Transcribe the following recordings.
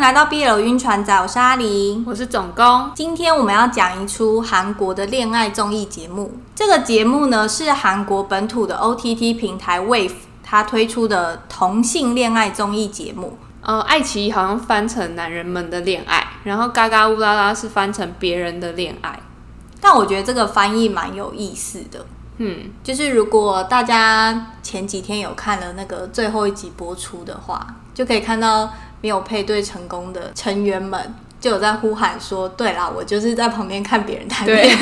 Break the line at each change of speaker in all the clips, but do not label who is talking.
來到 BL 暈船仔，我是阿琳，我是總工。今天我們要講一出韓國的戀愛綜藝節目。這個節目呢是韓國本土的 OTT 平台 Wave 它推出的同性戀愛綜藝節目。呃，愛奇藝好像翻成男人們的戀愛，然後嘎嘎烏拉拉是翻成別人的戀愛。但我覺得這個翻譯蠻有意思的。嗯，就是如果大家前幾天有看了那個最後一集播出的話，就可以看到。沒有配對成功的成員們就有在呼喊說：“對啦，我就是在旁邊看別人談戀愛，對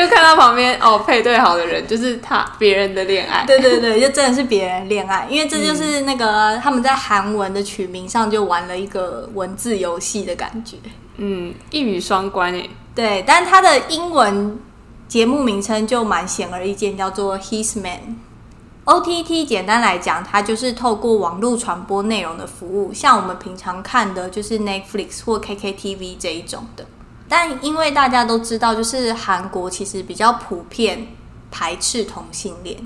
就看到旁邊哦，配對好的人就是他別人的戀愛。”對對對，就真的是別人戀愛，因為這就是那個、嗯、他們在韓文的取名上就玩了一個文字遊戲的感覺。
嗯，
一語雙關誒。對，但他的英文節目名稱就蠻顯而易見，叫做《His Man》。OTT 簡單來講，它就是透過網絡傳播內容的服務，像我們平常看的就是 Netflix 或 KKTV 這一種的。但因為大家都知道，就是韓國其實比較普遍排斥同性戀，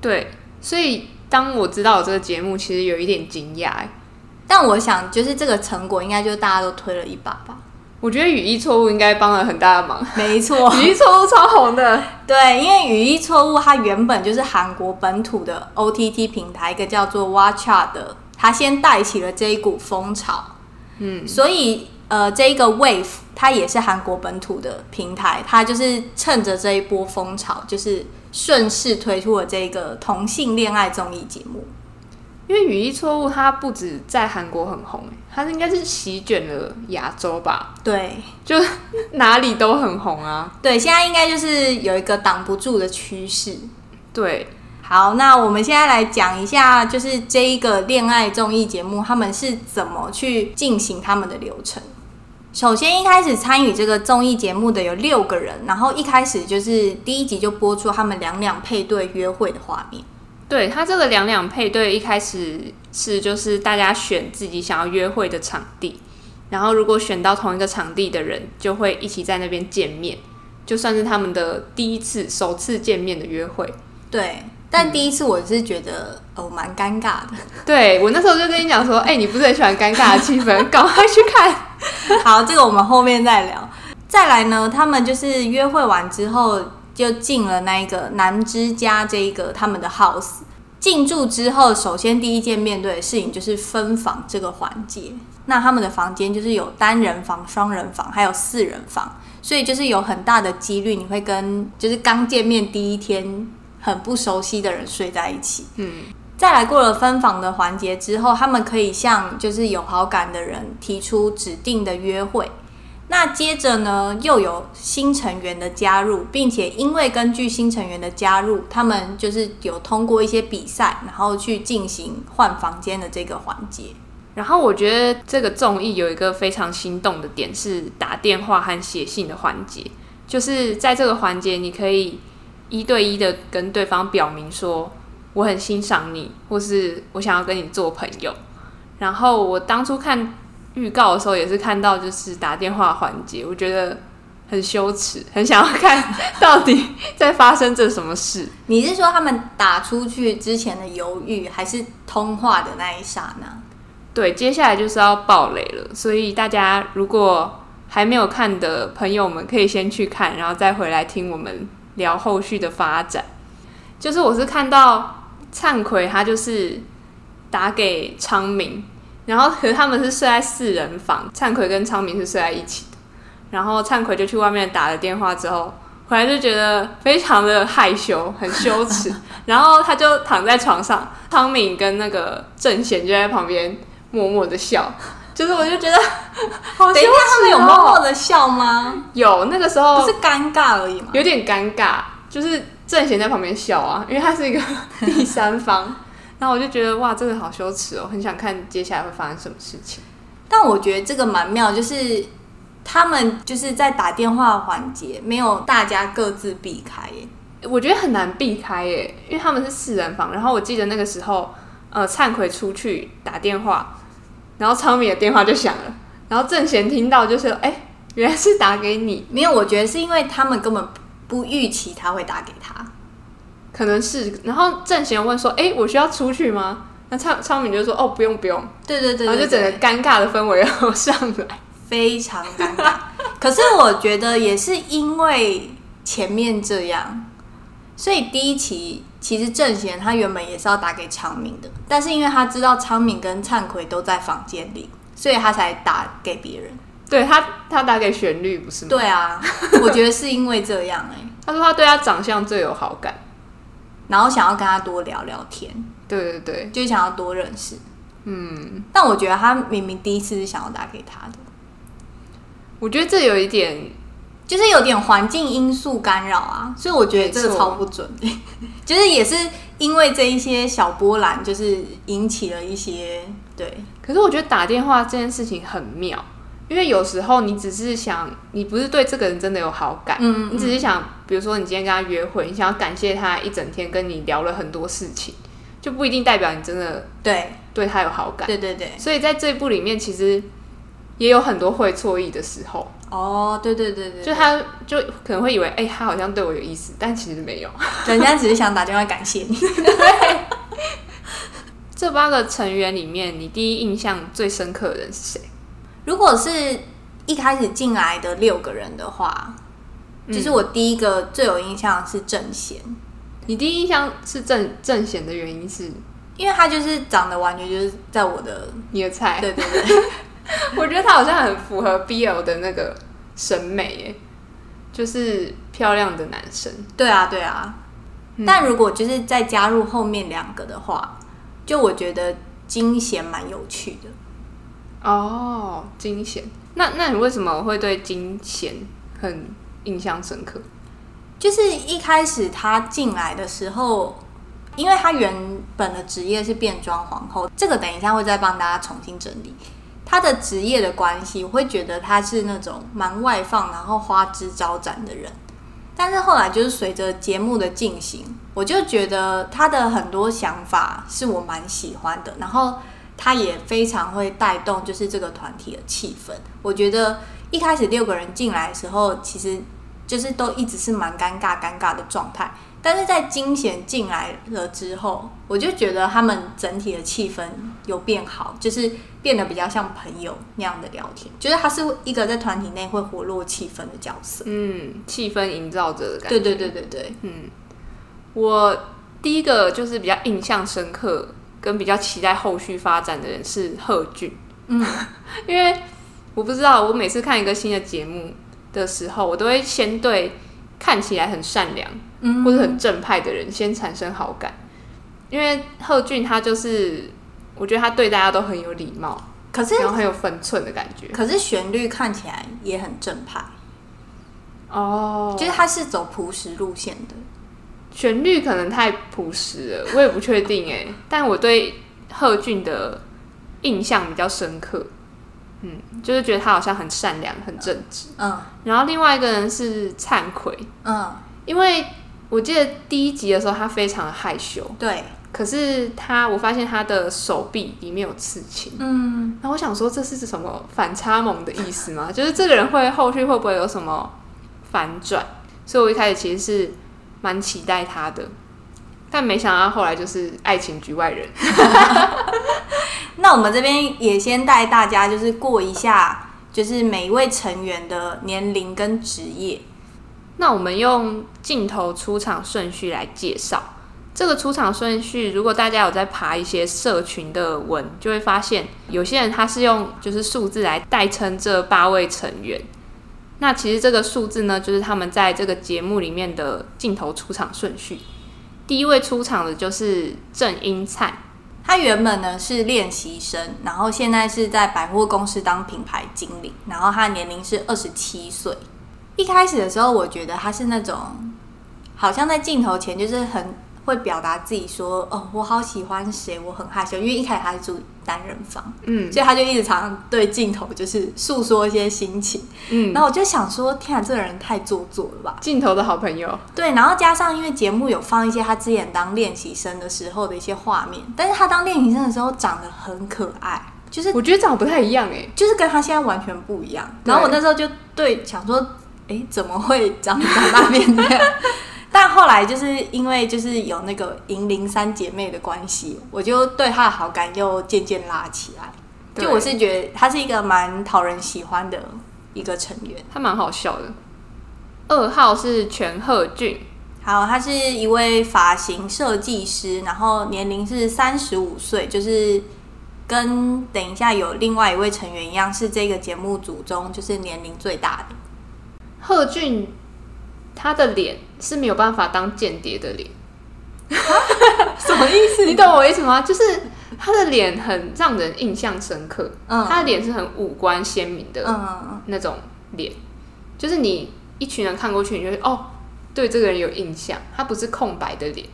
對，所以當我知道我這個節目，其實有一點驚訝欸。
但我想，就是這個成果應該就大家都推了一把吧。我覺得語義錯誤應該幫了很大的忙。沒錯， 語義錯誤超紅的。對，因為語義錯誤它原本就是韓國本土的 OTT 平台，一個叫做 Watcha 的，它先帶起了這一股風潮。嗯，所以呃，這一個 Wave 它也是韓國本土的平台，它就是趁着這一波風潮，就是順勢推出了這一個同性戀愛綜藝節目。因為語義
錯誤，它不止在韓國很紅。欸，它應該是席捲了亞洲吧？
對，就哪裡都很紅啊。對，現在應該就是有一個擋不住的趨勢。對，好，那我們現在來講一下，就是這一個戀愛綜藝節目，他們是怎麼去進行他們的流程。首先，一開始參與這個綜藝節目的有六個人，然後一開始就是第一集就播出他們兩兩配對約會的畫面。
對他這個兩兩配對，一開始是就是大家選自己想要約會的場地，然後如果選到同一個場地的人，就會一起在那邊見面，就算是他們的第一次首次見面的約會。
對，但第一次我是覺得、嗯、哦，蠻尷尬的。對，我那時候就跟你講說，哎、 欸，你不是很喜歡尷尬的氣氛？ 趕快去看。 好，這個我們後面再聊。再來呢，他們就是約會完之後，就進了那一個男之家這個他們的 house，進駐之後，首先第一件面對的事情就是分房這個環節。那他們的房間就是有單人房、雙人房，還有四人房，所以就是有很大的幾率你會跟就是剛見面第一天很不熟悉的人睡在一起。嗯，再來過了分房的環節之後，他們可以向就是有好感的人提出指定的約會。那接着呢，又有新成員的加入，並且因為根據新成員的加入，他們就是有通過一些比賽，然後去進行換房間的這個環節。
然後我覺得這個綜藝有一個非常心動的點是打電話和寫信的環節，就是在這個環節，你可以一對一的跟對方表明說我很欣賞你，或是我想要跟你做朋友。然後我當初看，預告的時候也是看到就是打電話環節，我覺得很羞恥，很想要看 到底在發生著什麼事。
你是說他們打出去之前的猶豫，還是通話的那一剎那？
對，接下來就是要爆雷了，所以大家如果還沒有看的朋友們，可以先去看，然後再回來聽我們聊後續的發展。就是我是看到燦奎他就是打給昌珉。然後，可是他們是睡在四人房，燦奎跟昌珉是睡在一起的。然後，燦奎就去外面打了電話之後，回來就覺得非常的害羞，很羞恥。 然後他就躺在床上，昌珉跟那個鄭賢就在旁邊默默的笑。就是，我就覺得，
好奇怪等一下他們有默默的笑嗎？
有，那個時候不是尷尬而已嘛。有點尷尬，就是鄭賢在旁邊笑啊，因為他是一個第三方。 然後我就覺得哇，這個好羞恥
哦，很想看接下來會發生什麼事情。但我覺得這個蠻妙，就是他們就是在打電話環節，沒有大家各自避開耶。我覺
得很難避開耶，因為他們是四人房。然後我記得那個時候，呃，燦奎出去打電話，然後昌珉的電話就響了，然後正賢聽到就是哎、欸，原來是打給你。沒有，我覺得是因為他們根本不預期他會打給他。可能是，然後正賢問說：“哎，我需要出去嗎？”那昌昌珉就說：“
哦，不用不用。”對對,對對對，然後就整個尷尬的氛圍然後上來，非常尷尬。 可是我覺得也是因為前面這樣，所以第一期其實正賢他原本也是要打給昌珉的，但是因為他知道昌珉跟燦奎都在房間裡，所以他才打給別人。對他，他打給旋律不是嗎？對啊，我覺得是因為這樣哎、欸， 他說他對他長相最有好感。然後想要跟他多聊聊天，對對對，就想要多認識。
嗯，
但我覺得他明明第一次是想要打給他的，我覺得這有一點，就是有點環境因素干擾啊，所以我覺得這個超不準，錯 就是也是因為這一些小波瀾，就是引起了一些對。可是我覺得打電話這件事情很妙。因為有時候你只是
想，你不是對這個人真的有好感，嗯嗯、你只是想，比如說你今天跟他約會，你想要感謝他一整天跟你聊了很多事情，就不一定代表你真的對對他有好感。對，對對對，所以在這一部裡面其實也有很多會錯意的時候。哦，對對對對，對，就他就可能會以為，哎、欸，他好像對我有意思，但其實沒有，人家只是想
打電話感謝你
這八個成員裡
面，你第一印象最深刻的人是誰？如果是一開始進來的六個人的話，嗯、就是我第一個最有印象是正賢。你第一印象是正正賢的原因是，因為他就是長得完全就是
在我的你的菜。對對對， 我覺得他好像很符合 BL 的那個
審美耶，就是漂亮的男生。對啊對啊，嗯、但如果就是再加入後面兩個的話，就我覺得金賢蠻有趣的。哦，金賢。那那你為什麼會對金賢很印象深刻？就是一開始他進來的時候，因為他原本的職業是變裝皇後，這個等一下會再幫大家重新整理。他的職業的關係。我會覺得他是那種蠻外放，然後花枝招展的人。但是後來就是隨着節目的進行，我就覺得他的很多想法是我蠻喜歡的。然後。他也非常會帶動，就是這個團體的氣氛。我覺得一開始六個人進來的時候，其實就是都一直是蠻尷尬、尷尬的狀態。但是在金賢進來了之後，我就覺得他們整體的氣氛有變好，就是變得比較像朋友那樣的聊天，覺得他是一個在團體內會活絡氣氛的角色。嗯，
氣氛營造者
的感覺。對對對對對，
嗯。我第一個就是比較印象深刻跟比較期待後續發展的人是赫俊，嗯，因為我不知道，我每次看一個新的節目的時候，我都會先對看起來很善良、嗯、或者很正派的人先產生好感，因為赫俊他就是，我覺得他對大家都很有禮貌，可是然後很有分寸的感覺，可是
旋律看起來也很正派，哦，就是他是走樸實路線的。
旋律可能太樸實了，我也不確定哎。 但我對赫俊的印象比較深刻，嗯，就是覺得他好像很善良、很正直。
嗯。
然後另外一個人是燦奎，
嗯，
因為我記得第一集的時候他非常的害羞，對。可是他，我發現他的手臂裡面有刺青，嗯。那我想說，這是什麼反差萌的意思嗎？就是這個人會後續會不會有什麼反轉？所以我一開始其實是。蠻期待他
的，但沒想到後來就是愛情局外人。 那我們這邊也先帶大家就是過一下，就是每一位成員的年齡跟職業。那我們用鏡頭出場順序
來介紹。這個出場順序，如果大家有在爬一些社群的文，就會發現有些人他是用就是數字來代稱這八位成員。那其實這個數字呢，就是他們在這個節目裡面的鏡頭出場順序。
第一位出場的就是鄭殷燦，他原本呢是練習生，然後現在是在百貨公司當品牌經理，然後他年齡是二十七歲。一開始的時候，我覺得他是那種好像在鏡頭前就是很會表達自己說哦，我好喜歡誰，我很害羞，因為一開始他是住單人房，嗯，所以他就一直常常對鏡頭就是訴說一些心情，嗯，然後我就想說，天啊，這個人太做作了吧？鏡頭的好朋友，對，然後加上因為節目有放一些他之前當練習生的時候的一些畫面，但是他當練習生的時候長得很可愛，就是我覺得長得不太一樣哎，欸，就是跟他現在完全不一樣。然後我那時候就對想說，欸，怎麼會長長大變這樣？ 但後來就是因為就是有那個銀鈴三姐妹的關係，我就對她的好感又漸漸拉起來。就我是覺得她是一個蠻討人喜歡的一個成員，她蠻好笑的。二號是權赫俊，好，他是一位髮型設計師，然後年齡是三十五歲，就是跟等一下有另外一位成員一樣，是這個節目組中就是年齡最大的。赫俊。他的臉是沒有辦法當間諜的
臉， 什麼意思？你懂我意思嗎？就是他的臉很讓人印象深刻，嗯、他的臉是很五官鮮明的那種臉，嗯、就是你一群人看過去，你就會哦，對這個人有印象。他不是空白的臉，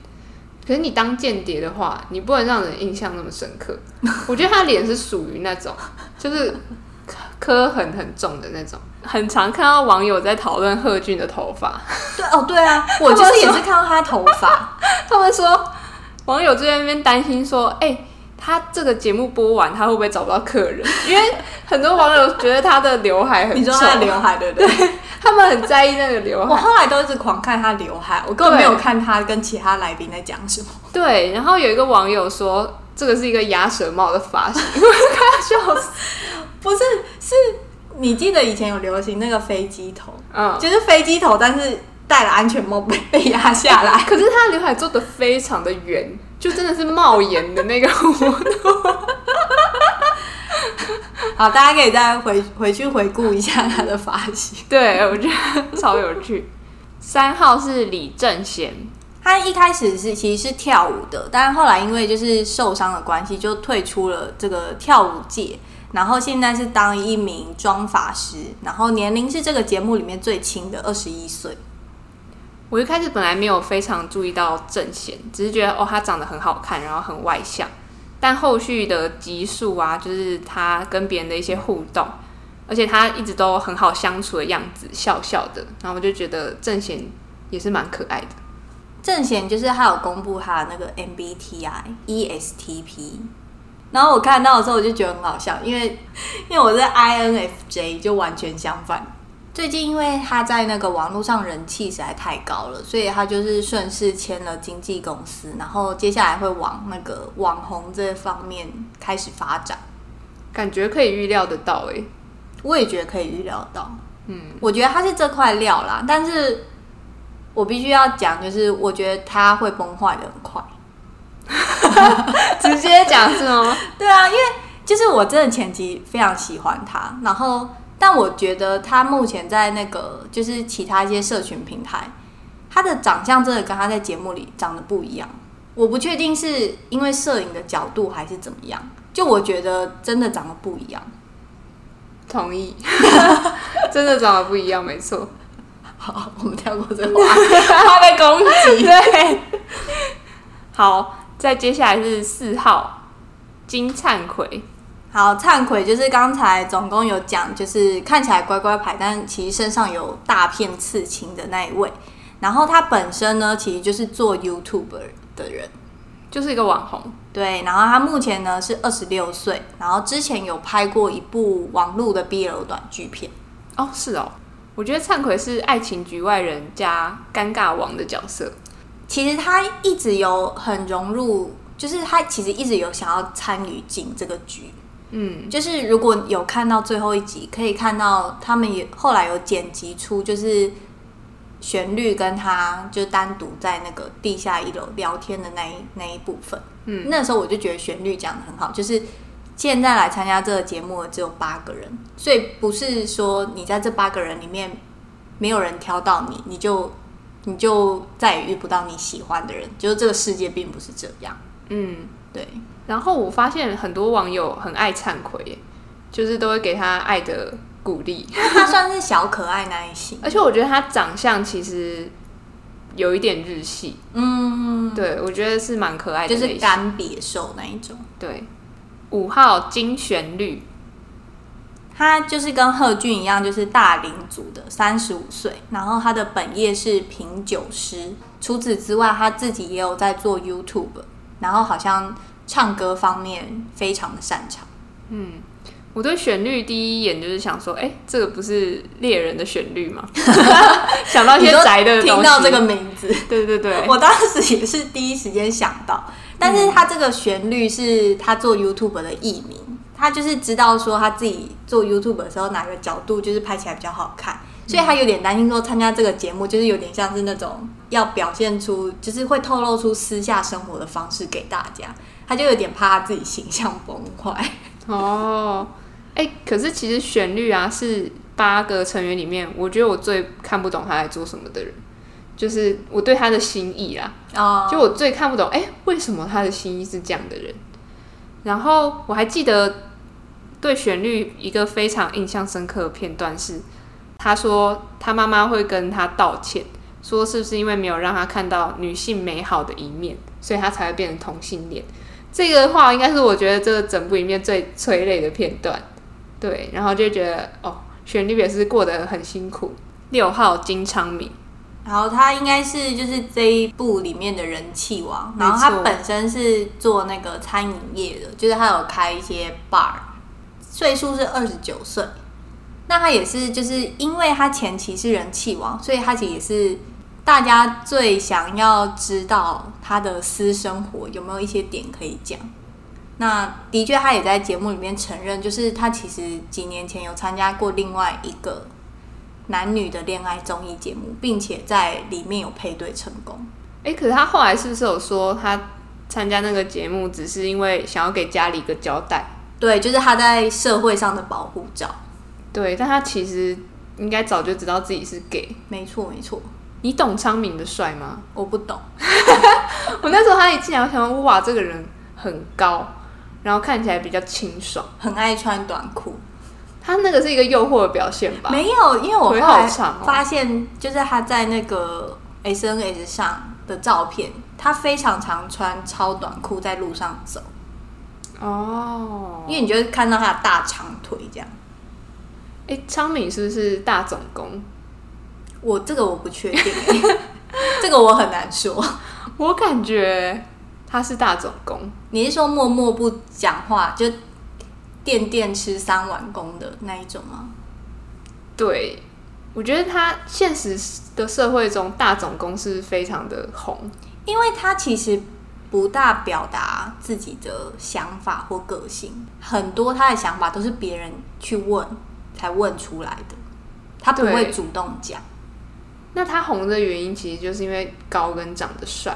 可是你當間諜的話，你不能讓人印象那麼深刻。 我覺得他臉是屬於那種，就是刻痕很，很重的那種。很常看到網友在討論赫俊的頭髮。對哦，對啊，
我就是也是看到他
頭髮。他們說，網友就在那邊擔心說，哎、欸，他這個節目播完，他會不會找不到客人？因為很多網友覺得他的劉海很、啊，你說他劉海對不對？對他們很在意那個劉海我後
來都一直狂看他劉海我根本沒有看他跟其他來賓在講什
麼。對，然後有一個網友說，這個是一個鴨舌帽的髮
型， 他笑死，不是是。你記得以前有流行那個飛機頭，嗯，就是飛機頭，但是戴了安全帽被被壓下來。可
是他劉海做的非常的圓，就真的是帽檐的那個弧度。
好，大家可以再回回去回顧一下他的髮型。對，我覺得超有趣。 三號是李正賢，他一開始是其實是跳舞的，但是後來因為就是受傷的關係，就退出了這個跳舞界。然後現在是當一名妝髮師，然後年齡是這個節目裡面最輕的21歲，二十一歲。我一開始本來沒有非常注意
到正賢，只是覺得哦，他長得很好看，然後很外向。但後續的集數啊，就是他跟別人的一些互動，而且他一直都很好相處的樣子，笑笑的，然後我就覺得正賢也是蠻可愛的。
正賢就是他有公布他的那個 MBTI ESTP。然後我看到的時候，我就覺得很好笑，因為因為我在 INFJ，就完全相反。最近因為他在那個網絡上人氣實在太高了，所以他就是順勢簽了經紀公司，然後接下來會往那個網紅這方面開始發展。感覺可以預料得到誒，我也覺得可以預料得到。嗯，我覺得他是這塊料啦，但是我必須要講，就是我覺得他會崩壞的很快。 直接講是嗎？ 對啊，因為就是我真的前期非常喜歡他，然後但我覺得他目前在那個就是其他一些社群平台，他的長相真的跟他在節目裡長得不一樣。我不確定是因為攝影的角度還是怎麼樣，就我覺得真的長得不一樣。同意， 真的長得
不一樣，沒錯。
好，我們跳過這個話題。 他的攻擊對，好。再接下來是四號金燦奎，好，燦奎就是剛才總共有講，就是看起來乖乖牌，但其實身上有大片刺青的那一位。然後他本身呢，其實就是做 YouTuber 的人，就是一個網紅。對，然後他目前呢是二十六歲，然後之前有拍過一部網絡的 BL 短劇片。哦，是哦，我覺得燦奎是愛情局外人加尷尬王的角色。其實他一直有很融入，就是他其實一直有想要參與進這個局。嗯，就是如果有看到最後一集，可以看到他們也後來有剪輯出，就是旋律跟他就單獨在那個地下一樓聊天的那一那一部分。嗯，那時候我就覺得旋律講得很好，就是現在來參加這個節目只有八個人，所以不是說你在這八個人裡面沒有人挑到你，你就。你就再也遇不到你喜歡的人，就是這個世界並不是這樣。嗯，對。然
後我發現很多網友很愛燦奎，就是都會給他愛的鼓勵。他算是小可
愛那一型， 而
且我覺得他長相其實有一點日系。
嗯，對，我覺得是蠻可愛的那一型，就是乾癟瘦那一種。對，五號金旋律。他就是跟赫俊一樣，就是大齡組的，三十五歲。然後他的本業是品酒師，除此之外，他自己也有在做 YouTube。然後好像唱歌方面非常的擅長。嗯，
我對旋律第一眼就是想說，哎、欸，這個不是獵人的旋律嗎？
想到一些你說 宅的，聽到這個名
字， 對對對，我當時
也是第一時間想到，但是他這個旋律是他做 YouTube 的藝名。他就是知道說他自己做 YouTube 的時候哪個角度就是拍起來比較好看，所以他有點擔心說參加這個節目就是有點像是那種要表現出就是會透露出私下生活的方式給大家，他就有點怕他自己形象崩壞。
哦，哎、欸，可是其實旋律啊是八個成員裡面，我覺得我最看不懂他來做什麼的人，就是我對他的心意啦。啊、哦，就我最看不懂，哎、欸，為什麼他的心意是這樣的人？然後我還記得對旋律一個非常印象深刻的片段是，他說他媽媽會跟他道歉，說是不是因為沒有讓他看到女性美好的一面，所以他才會變成同性戀。這個話應該是我覺得這個整部影片最催淚的片段。對，然後就覺得哦，旋律也是過得很辛苦。
六號金昌珉。然後他應該是就是這一部裡面的人氣王，然後他本身是做那個餐飲業的，就是他有開一些 bar，歲數是二十九歲，那他也是就是因為他前期是人氣王，所以他其實也是大家最想要知道他的私生活有沒有一些點可以講。那的確他也在節目裡面承認，就是他其實幾年前有參加過另外一個。男女的戀愛綜藝節目，並且在裡面有配對成功。哎、欸，可是他後
來是不是有說他參加那個節目，只是因為想要給家裡一個交代？對，就是他在社會上的保護罩。對，但他其實應該早就知道自己是 gay。沒錯，沒錯。你懂昌珉的帥嗎？我不懂。 我那時候他一進來，我想哇，這個人很高，然後看起來比較清爽，
很愛穿短褲。
他那個是一個誘惑的表現吧？沒有，因為我後來發
現，就是他在那個 S N S 上的照片，哦、他非常常穿超短褲在路上走。哦，因為你就會看到他的大長腿這樣。誒、欸，昌珉是不是大總攻？我這個我不確定、欸， 這個我很難說。我感覺他是大總攻，你是說默默不講話就？電電吃三碗公的那一種嗎？
對，我覺得他現實的社會中大總攻非常的紅，因為
他其實不大表達自己的想法或個性，很多他的想法都是別人去問才問出來的，他不會主動講。那他紅的原因其實就是因為高跟長得帥。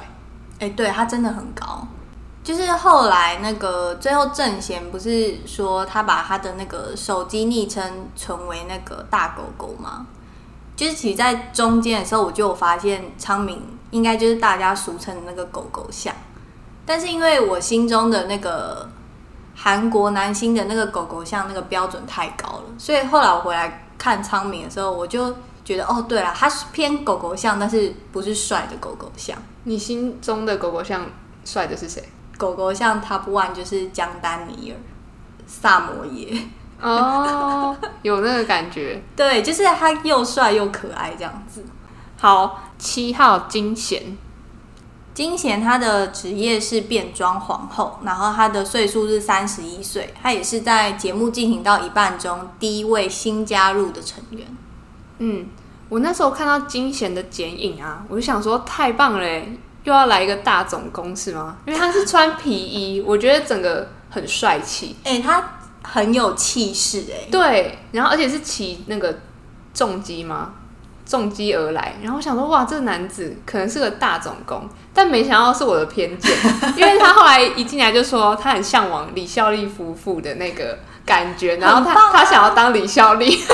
哎、欸，對，他真的很高。就是後來那個最後正賢不是說他把他的那個手機昵稱成為那個大狗狗嗎？就是其實在中間的時候我就發現昌珉應該就是大家俗稱的那個狗狗像，但是因為我心中的那個韓國男星的那個狗狗像那個標準太高了，所以後來我回來看昌珉的時候，我就覺得哦對啊，他是偏狗狗像，但是不是帥的狗狗像。你心中的狗狗像帥的是誰？狗狗像 Top One 就是姜丹尼爾，薩摩耶哦，oh, 有那個感覺。 對，就是他又帥又可愛這樣子。好，七號金賢，金賢他的職業是變裝皇後，然後他的歲數是三十一歲，他也是在節目進行到一半中第一位新加入的成員。
嗯，我那時候看到金賢的剪影啊，我就想說太棒嘞、欸。又要來一個大總攻是嗎？因為他是穿皮衣， 我覺得整個很帥氣。哎、欸，他很有氣勢哎。對，然後而且是騎那個重機嗎？重機而來，然後我想說，哇，這個男子可能是個大總攻，但沒想到是我的偏見，因為他後來一進來就說他很嚮往李孝利夫婦的那個感覺，然後他、啊、他想要當李孝利。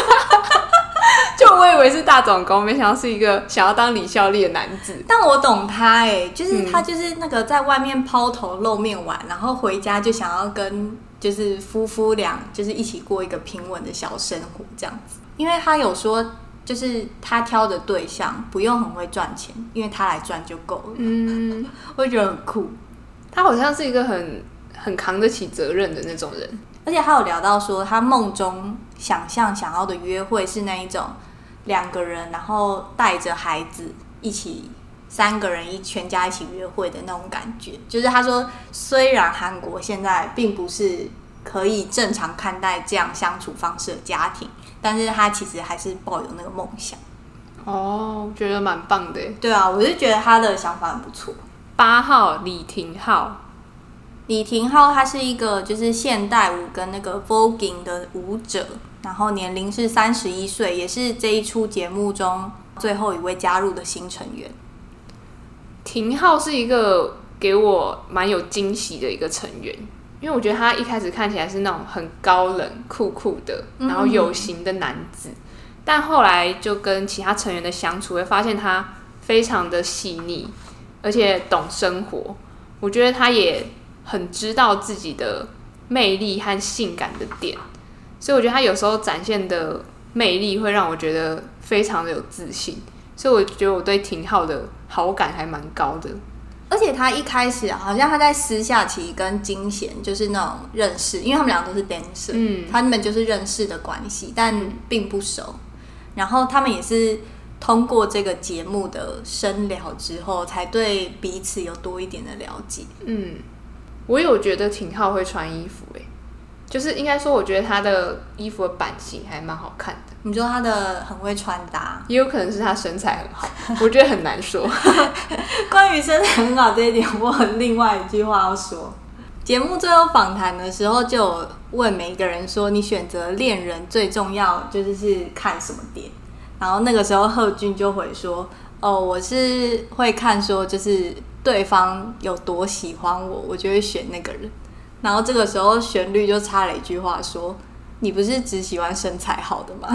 就我以為是大總攻，沒想到是一個想要當李孝利的男子。
但我懂他誒、欸，就是他就是那個在外面拋頭露面玩，嗯、然後回家就想要跟就是夫婦倆就是一起過一個平穩的小生活這樣子。因為他有說，就是他挑的對象不用很會賺錢，因為他來賺就夠了。嗯， 我覺得很酷。他好像是一個很很扛得起責任的那種人。而且他有聊到說他夢中。想象想要的約會是那一種兩個人，然後帶着孩子一起，三個人一全家一起約會的那種感覺。就是他說，雖然韓國現在並不是可以正常看待這樣相處方式的家庭，但是他其實還是抱有那個夢想。哦，覺得蠻棒的。對啊，我就覺得他的想法很不錯。八號李廷浩。李廷浩他是一個就是現代舞跟那個 voguing 的舞者，然後年齡是三十一歲，也是這一出節目中最後一位加入的新成員。廷浩是一
個給我蠻有驚喜的一個成員，因為我覺得他一開始看起來是那種很高冷酷酷的，然後有型的男子，嗯嗯，但後來就跟其他成員的相處，會發現他非常的細膩，而且懂生活。我覺得他也，很知道自己的魅力和性感的點，所以我覺得他有時候展現的魅力會讓我覺得非常的有自信，所以我覺得我對廷浩的好感還蠻高的。
而且他一開始好像他在私下其實跟金賢就是那種認識，因為他們兩個都是 dancer，嗯，他們就是認識的關係，但並不熟。然後他們也是通過這個節目的深聊之後，才對彼此有多一點的了解。嗯。我有覺得廷浩會穿衣服、欸，
哎，就是應該說，我覺得他的衣服的版型還蠻好看的。
你說他的很會穿
搭？也有可能是他身材很好，
我覺得很難說。 關於身材很好這一點，我有另外一句話要說：節 目最後訪談的時候，就有問每一個人說，你選擇戀人最重要就是是看什麼點？然後那個時候赫俊就回說：“哦，我是會看說就是。”對方有多喜歡我，我就會選那個人。然後這個時候，旋律就插了一句話說：“你不是只喜歡身材好的嗎？”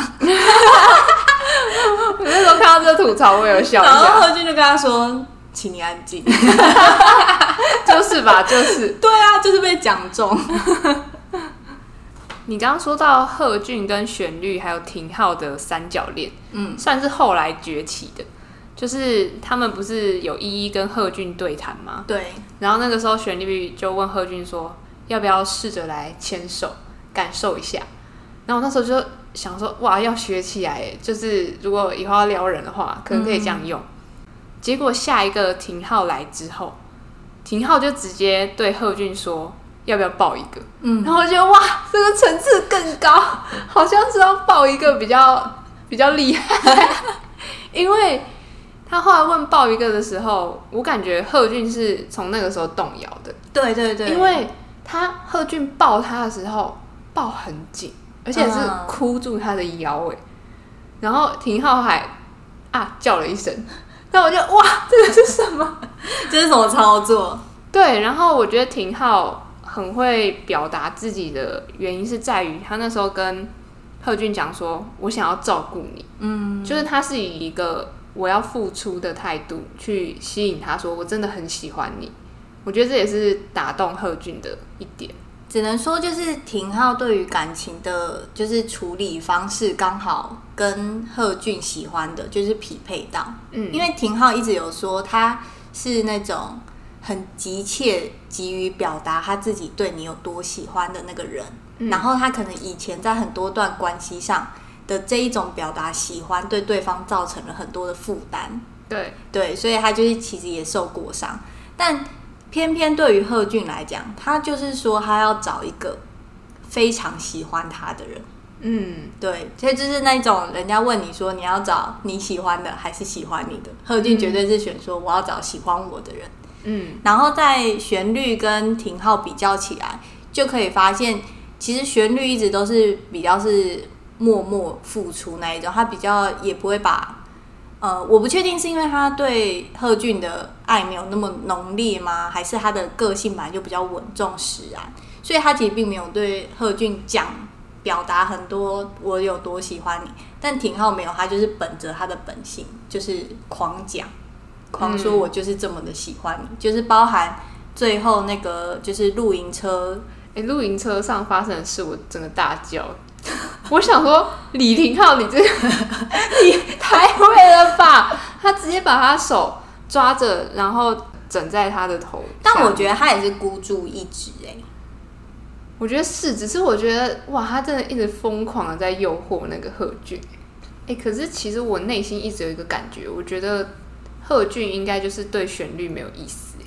我那時候看到這個吐槽，我有笑一下。然後赫俊就跟他說：“請你安靜。 ” 就是吧？就是 對啊，就是被講中。
你剛剛說到赫俊跟旋律還有廷浩的三角戀，嗯，算是後來崛起的。就是他們不是有一一跟赫俊對談嗎？對。然後那個時候，旋律就問赫俊說：“要不要試着來牽手，感受一下？”然後我那時候就想說：“哇，要學起來！就是如果以後要撩人的話，可能可以這樣用。嗯”結果下一個廷浩來之後，廷浩就直接對赫俊說：“要不要抱一個？”嗯。然後我覺得哇，這個層次更高，好像只要抱一個比較比較厲害， 因為。他後來問抱一個的時候，我感覺赫俊是從那個時候動搖的。對對對，因為他赫俊抱他的時候抱很緊，而且是箍住他的腰，哎、欸，嗯、然後廷浩還啊叫了一聲，那我就哇，這個是什麼？ 這是什麼操作？對，然後我覺得廷浩很會表達自己的原因是在於他那時候跟赫俊講說，我想要照顧你，嗯，就是他是以一個。我要付出的態度去吸引他，說我真的很喜
歡你。我覺得這也是打動赫俊的一點。只能說，就是廷浩對於感情的，就是處理方式，剛好跟赫俊喜歡的，就是匹配到。嗯，因為廷浩一直有說他是那種很急切、急於表達他自己對你有多喜歡的那個人。嗯、然後他可能以前在很多段關係上。的這一種表達喜歡，對對方造成了很多的負擔。對對，所以他就是其實也受過傷。但偏偏對於赫俊來講，他就是說他要找一個非常喜歡他的人。嗯，對，所以就是那種人家問你說你要找你喜歡的還是喜歡你的？赫俊絕對是選說我要找喜歡我的人。嗯，然後在旋律跟廷浩比較起來，就可以發現其實旋律一直都是比較是。默默付出那一種，他比較也不會把，呃，我不確定是因為他對赫俊的愛沒有那麼濃烈嗎？還是他的個性本來就比較穩重使然，所以他其實並沒有對赫俊講表達很多我有多喜歡你。但廷浩沒有，他就是本着他的本性，就是狂講狂說，我就是這麼的喜歡你，嗯、就是包含最後那個就是露營車，哎、欸，露營車上發生的
事，我真的大叫。我想說，李廷浩，你這個 你太會了吧！他直接把他手抓着，然後枕在他
的頭。但我覺得他也是孤注一擲哎。
我覺得是，只是我覺得哇，他真的一直瘋狂的在誘惑那個赫俊。哎，可是其實我內心一直有一個感覺，我覺得赫俊應該就是對旋律沒有意思、欸。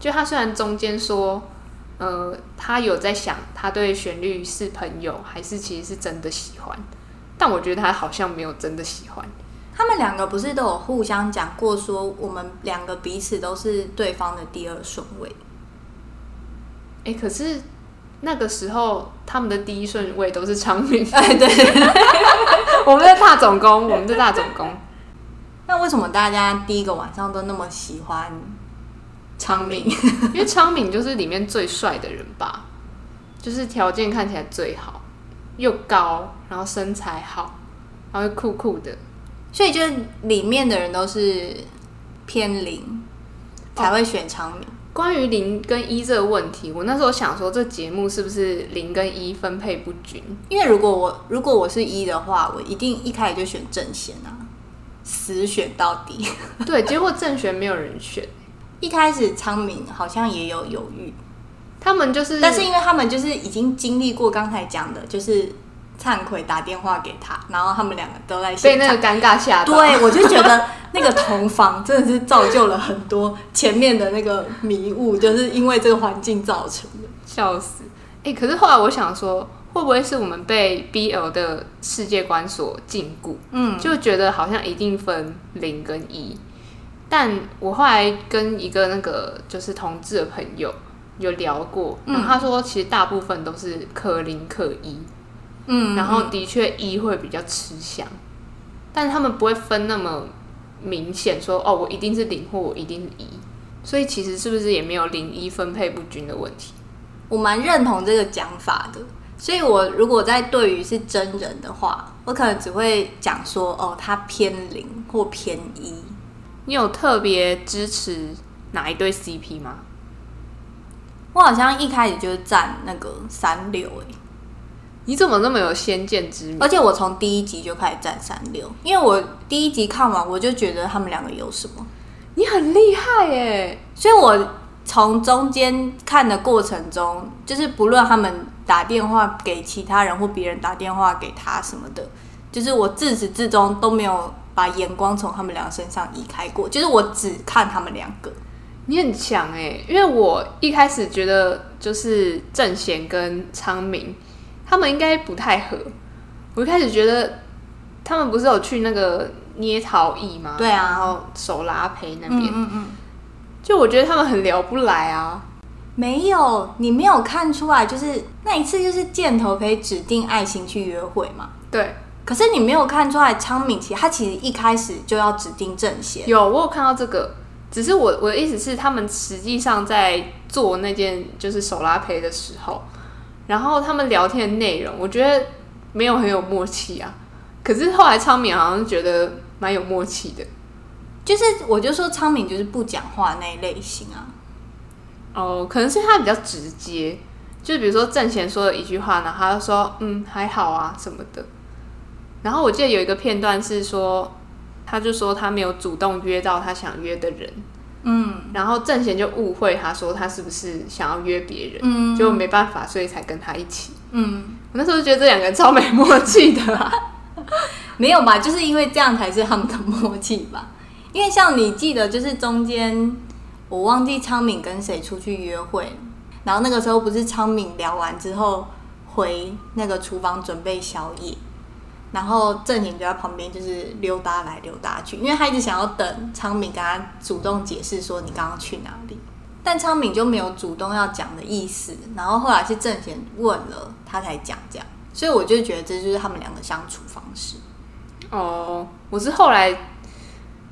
就他雖然中間說。呃，他有在想，他對旋律是朋友還是其實是真的喜歡？但我覺得他好像沒有真的喜歡。
他們兩個不是都有互相講過說，我們兩個彼此都是對方的第二順位、欸。可是那個時候他們
的第一順位都是昌珉哎、欸，對，我們是大總攻，我們是大總攻。
那為什麼大家第一個晚上都
那麼喜歡？昌珉，因為昌珉就是裡面最帥的人吧，就是條件看起來最好，又高，然後身材好，然後又酷酷的，所以就裡面的人都是偏零才會選昌珉。哦，關於零跟一這個問題，我那時候想說，這節目是不是零跟一分
配不均？因為如果我如果我是一的話，我一定一開始就選正賢啊，死選到底。對，結果正賢沒有人選。一開始昌珉好像也有猶豫，他們就是，但是因為他們就是已經經歷過剛才講的，就是燦奎打電話給他，然後他們兩個都在被那個尷尬嚇到。對，我就覺得那個同房真的是造就了很多前面的那個迷霧， 就是因為這個環境造成的，笑死！哎、欸，可是後來我想說，
會不會是我們被 BL 的世界觀所禁錮？嗯，就覺得好像一定分零跟一。但我後來跟一個那個就是同志的朋友有聊過，嗯、他說其實大部分都是可零可一，
嗯，然後的
確一會比較吃香，嗯、但是他們不會分那麼明顯說，說哦我一定是零或我一定是一，所以其實是
不是也沒有零一分配不均的問題？我蠻認同這個講法的，所以我如果在對於是真人的話，我可能只會講說哦他偏零或偏一。你有特別支持哪一對 CP 嗎？我好像一開始就是站那個三六。哎，你怎麼那麼有先見之明？而且我從第一集就開始站三六，因為我第一集看完我就覺得他們兩個有什麼，你很厲害哎！所以我從中間看的過程中，就是不論他們打電話給其他人或別人打電話給他什麼的，就是我自始至終都沒有。把眼光從他們倆身上移開過，就是我只看他們兩個。你很強
哎、欸，因為我一開始覺得就是正賢跟昌珉，他們應該不太合。我一開始覺得他們不是有去那個
捏陶藝嗎？嗯？對啊，然後手拉胚那邊，嗯嗯嗯，就我覺得他們很聊不來啊。沒有，你沒有看出來，就是那一次就是箭頭可以指定愛情去約會嘛？對。可是你沒有看出來昌珉，其實他其實一開始就要指定正賢。有，我有看到這個。只是我我的意思是，他們實際
上在做那件就是手拉胚的時候，然後他們聊天的內容，我覺得沒有很有默契啊。可是後來昌珉好像覺得蠻有默契的。就是我就說昌珉就是不講話那一類型啊。哦，可能是他比較直接。就比如說正賢說的一句話，呢，他就說嗯還好啊什麼的。然後我記得有一個片段是說，他就說他沒有主動約到他想約的人，嗯，然後正賢就誤會他說他是不是想要約別人，嗯，嗯，嗯，就沒辦法，所以才跟他一起，嗯，
我那時候覺得這兩個人超沒默契的啦。啊， 沒有吧？就是因為這樣才是他們的默契吧？因為像你記得，就是中間我忘記昌珉跟誰出去約會，然後那個時候不是昌珉聊完之後回那個廚房準備宵夜。然後正賢就在旁邊就是溜達來溜達去，因為他一直想要等昌珉跟他主動解釋說你剛剛去哪裡，但昌珉就沒有主動要講的意思。然後後來是正賢問了他才講這樣，所以我就覺得這就是他們兩個相處方式。哦，我是後
來，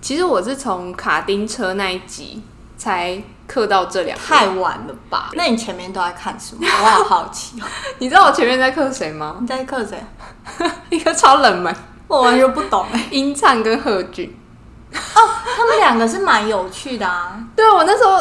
其實我是從卡丁車那一集。才嗑到
這倆太晚了吧？那你前面都在看什麼？我好好
奇、哦， 你知道我前面在嗑
誰嗎？你在嗑誰？ 一個超冷門， 我完全不懂。殷燦跟赫俊哦 ，oh, 他們兩個是蠻有趣的啊 對。對我那時候，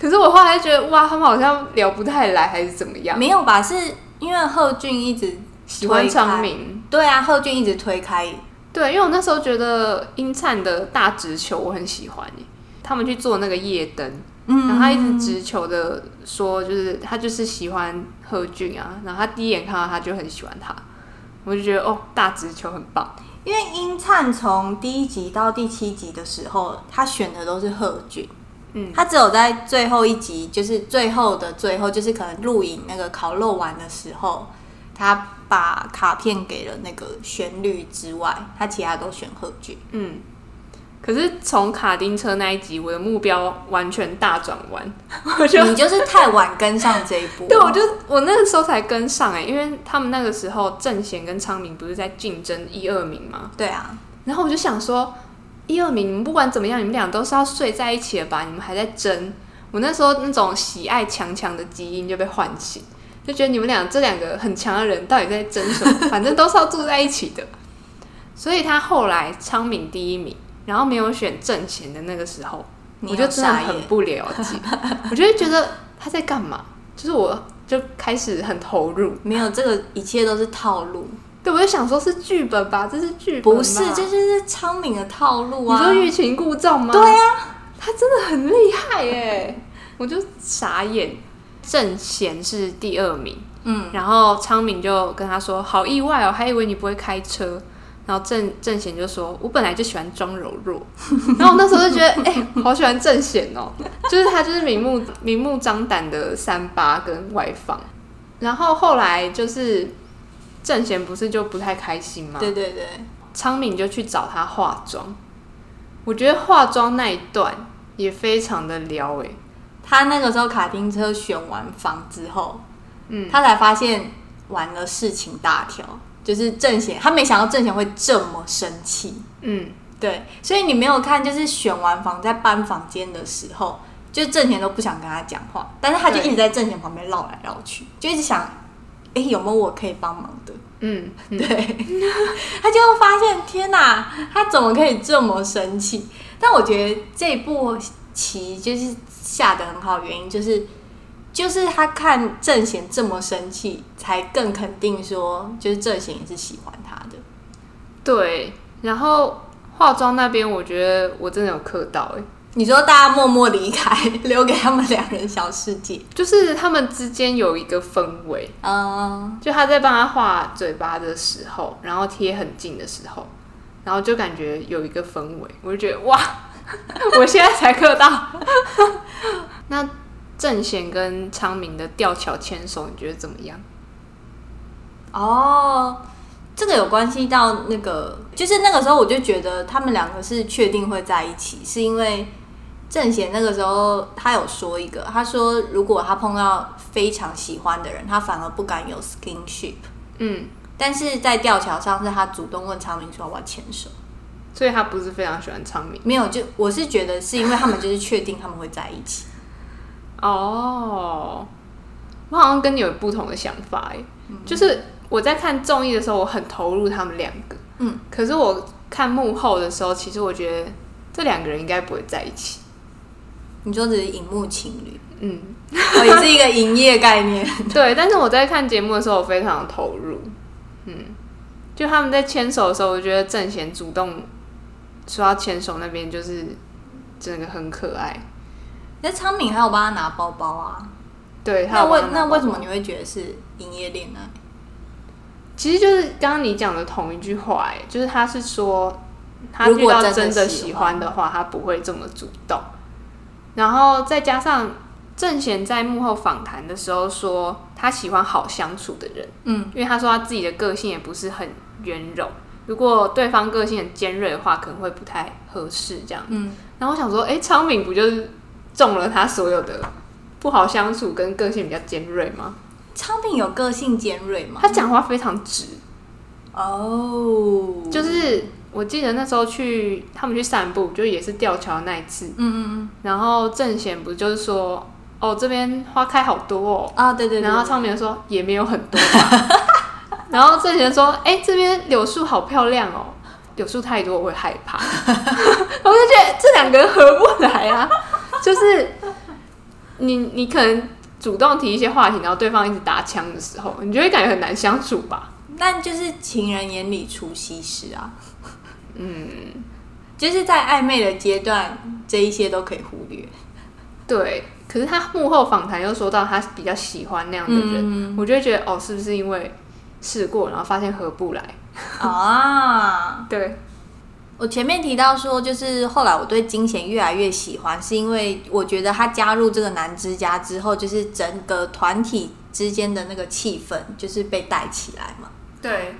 可是我後來覺得，哇，他們好像聊不太來，還是怎麼樣、啊？沒有吧？是因為赫俊一直喜歡昌珉。對啊，赫俊一直推開。對，因為我那時候覺
得殷燦的大直球我很喜歡、欸他們去做那個夜燈，然後他一直直球的說，就是他就是喜歡赫俊啊。然後他第一
眼看到他就很喜歡他，我就覺得哦，大直球很棒。因為殷燦從第一集到第七集的時候，他選的都是赫俊，嗯，他只有在最後一集，就是最後的最後，就是可能錄影那個烤肉完的時候，他把卡片給了那個旋律之外，他其他都選赫俊，嗯。可是從卡丁車那一集，我的目標完全大轉彎。 我覺就得你就是太晚跟上這一波。 對，
我就我那個時候才跟上哎、欸，因為他們那個時候正賢跟昌珉不是在競爭一二名嗎？對啊。然後我就想說，一二名你們，不管怎麼樣，你們倆都是要睡在一起的吧？你們還在爭？我那時候那種喜愛強強的基因就被喚醒，就覺得你們倆這兩個很強的人到底在爭什麼？ 反正都是要住在一起的。所以他後來昌珉第一名。然後沒有選正賢的那個時候，
我就真的很
不了解， 我就會覺得他在幹嘛？就是我就開始很投入，沒有這個一切都是套路。對，我就想說，是劇本吧？這是劇，本，不是，這、
就是昌珉的套路啊！你說欲擒故縱嗎？對啊，他真的很厲害耶、欸！
我就傻眼。正賢是第二名，嗯，然後昌珉就跟他說：“好意外哦，還以為你不會開車。”然後正正賢就說：“我本來就喜歡裝柔弱。” 然後我那時候就覺得：“哎、欸，好喜歡正賢哦！” 就是他就是明目明目張膽的三八跟外放。然後後來就是正賢不是就不太開心嗎？對對對。昌珉就去找他
化妝。我覺得化妝那一段也非常的撩哎、欸。他那個時候卡丁車選完房之後，嗯，他才發現完了事情大條。就是正賢，他沒想到正賢會這麼生氣。嗯，對，所以你沒有看，就是選完房在搬房間的時候，就正賢都不想跟他講話，但是他就一直在正賢旁邊繞來繞去，對就一直想，哎、欸，有沒有我可以幫忙的？嗯，對，嗯、 他就發現，天哪，他怎麼可以這麼生氣？但我覺得這一步棋就是下得很好，原因就是。就是他看正賢這麼生氣，才更肯定說，就是正賢也是喜歡他的。對，
然後化妝那邊，我覺得我真的有嗑到哎、欸。
你說大家默默離開，留
給他們兩人小世界，就是他們之間有一個氛圍，嗯，uh、就他在幫他畫嘴巴的時候，然後貼很近的時候，然後就感覺有一個氛圍，我就覺得哇，我現在才嗑到 那。正賢跟昌珉的吊橋牽手，你覺得怎麼樣？
哦，oh, 這個有關係到那個，就是那個時候我就覺得他們兩個是確定會在一起，是因為正賢那個時候他有說一個，他說如果他碰到，非常喜歡的人，他反而不敢有 skinship。嗯，但是在吊橋上是他主動問昌珉說，我要牽手，所以他不是非常喜歡昌珉。沒有，就我是覺得是因為他們就是確定他們會在一起。哦，oh, 我好像跟你有不同的想法哎，嗯、
就是我在看綜藝的時候，我很投入他們兩個，嗯，可是我看幕後的時候，其實我覺得這兩個人應該不會在一起。
你說只是熒幕情侶？嗯、哦，也是一個營業概念。 對，
但是我在看節目的時候，我非常的投入，嗯，就他們在牽手的時候，我覺得正賢主動說要牽手那邊，就是真的很可愛。
那昌珉還有幫他拿包包啊？
對，那為那為什麼你會
覺得是營業戀呢？
其實就是剛剛你講的同一句話、欸，哎，就是他是說他遇到真的喜歡的話，他不會這麼主動。然後再加上正賢在幕後訪談的時候說，他喜歡好相處的人，嗯，因為他說他自己的個性也不是很圓柔，如果對方個性很尖銳的話，可能會不太合適這樣子。嗯，然後我想說，哎、欸，昌珉不就是？中了他所有的不好相處跟個性比較尖銳嗎？
昌珉有個性尖銳嗎？他講
話非常直、
oh。哦，就是我記得那時候
去他們去散步，就也是吊橋那一次。嗯嗯嗯。然後正賢不就是說：“哦，這邊花開好多哦。”啊，對對。然後昌珉說：“也沒有很多。” 然後正賢說：“哎、欸，這邊柳樹好漂亮哦，柳樹太多我會害怕。” 我就覺得這兩個人合不來啊。就是你，你可能主動提一些話題，然後對方一直打槍的時候，你就會感覺很難
相處吧？但就是情人眼裡出西施啊，嗯，就是在曖昧的階段，這一些都可以忽略。
對，可是他幕後訪談又說到他比較喜歡那樣的人，嗯、我就會覺得哦，是不是因為
試過然後發現合不來啊？哦、 對。我前面提到說，就是後來我對金賢越來越喜歡，是因為我覺得他加入這個男之家之後，就是整個團體之間的那個氣氛就是被帶起來嘛。對，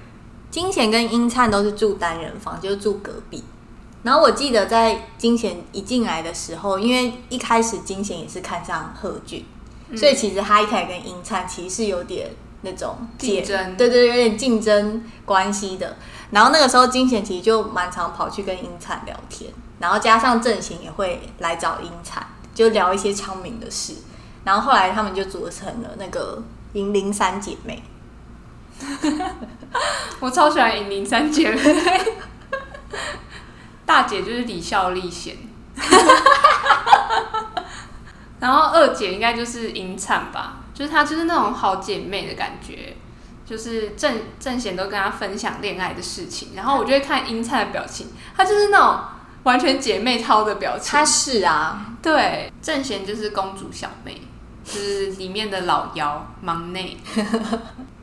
金賢跟殷燦都是住單人房，就是、住隔壁。然後我記得在金賢一進來的時候，因為一開始金賢也是看上赫俊，嗯、所以其實他一開始跟殷燦其實是有點。那種競競爭，對對,對，有點競爭關係的。然後那個時候，金賢其實就蠻常跑去跟殷燦聊天，然後加上正賢也會來找殷燦，就聊一些昌珉的事。然後後來他們就組成了那個銀鈴三姐妹。 我超喜歡銀鈴三姐妹，
大姐就是李孝利賢，然後二姐應該就是殷燦吧。就是她，就是那種好姐妹的感覺，就是正正賢都跟她分享戀愛的事情，然後我就會看殷燦的表情，她就是那種完全姐妹淘的表情。她是啊，對，正賢就是公主小妹，就是裡面的老幺，忙內 內。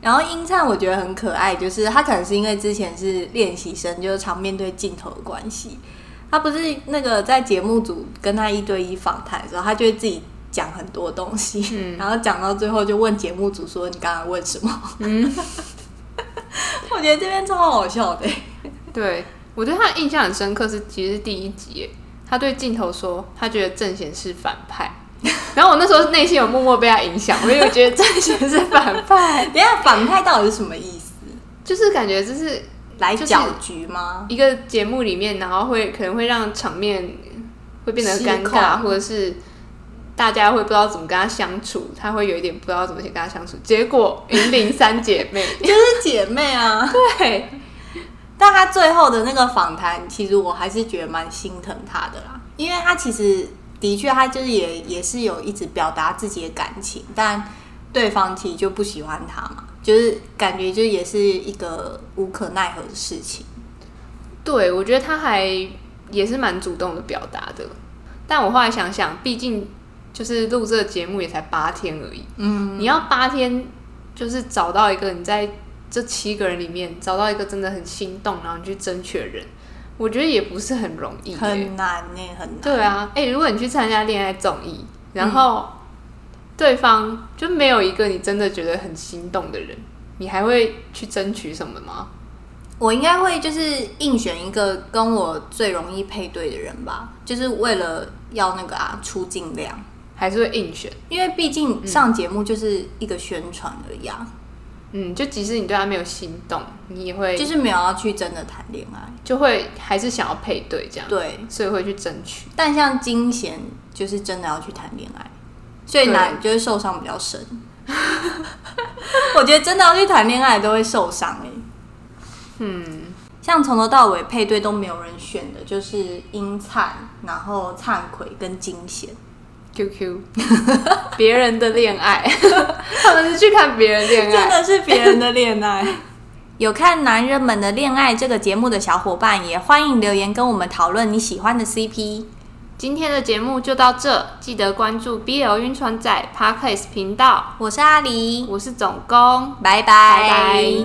然後殷燦我覺得很可愛，就是她可能是因為之前是練習生，就是常面對鏡頭的關係，她不是那個在節目組跟她一對一訪談的時候，她就會自己。講很多東西，嗯、然後講到最後就問節目組說：“你剛剛問什麼？”嗯， 我覺得這邊超好笑的。對，我對他印象很深
刻是，其實是第一集，他對鏡頭說他覺得鄭賢是反派，然後我那時候內心有默默被他影響，因為 我覺得鄭賢是反派。等下反派到底是什麼意思？就是感覺就是來攪局嗎？一個節目裡面，然後會可能會讓場面會變得尷尬，或者是。大家會不知道怎麼跟他相處，他會有一點不知道怎麼去跟他相處。結果，雲零三姐妹
就是姐妹啊。 對，但她最後的那個訪談，其實我還是覺得蠻心疼她的啦，因為她其實的確，她就是也也是有一直表達自己的感情，但對方其實就不喜歡她嘛，就是感覺就也是一個無可奈何的事情。
對，我覺得她還也是蠻主動的表達的，但我後來想想，畢竟。就是錄這個節目也才八天而已，嗯，你要八天就是找到一個你在這七個人裡面找到一個真的很心動，然後你去爭取的人，我覺得也不是很容易。欸，很
難呢，很難。對
啊，哎、欸，如果你去參加戀愛綜藝，然後對方就沒有一個你真的覺得很心動的人，你還
會去爭取什麼嗎？我應該會就是硬選一個跟我最容易配對的人吧，就是為了要那個啊出鏡量。還是會硬選，因為畢竟上節目就是一個宣傳而已啊。嗯，就即使你對他沒有心動，你也會就是沒有要去真的談戀愛，就會還是想要配對這樣。對，所以會去爭取。但像金賢，就是真的要去談戀愛，所以難就會受傷比較深。對 我覺得真的要去談戀愛都會受傷、欸、嗯，像從頭到尾配對都沒有人選的，就是殷燦，然後燦奎跟金賢。Q Q，別人的戀愛，他們是去看別人戀愛， 真的是別人的戀愛。有看男人們的戀愛這個節目的小伙伴，也歡迎留言跟我們討論你喜歡的 CP。今天的節目就到這，記得關注 B L
暈船仔 Podcast 頻道。我是阿黎，我是總工，拜拜。